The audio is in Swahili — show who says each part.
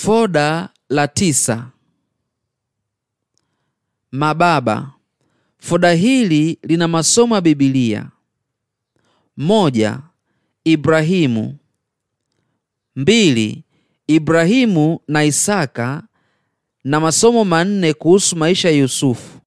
Speaker 1: Foda la tisa, mababa. Foda hili lina masomo ya Biblia: moja, Ibrahimu; mbili, Ibrahimu na Isaka na masomo manne kuhusu maisha ya Yusufu.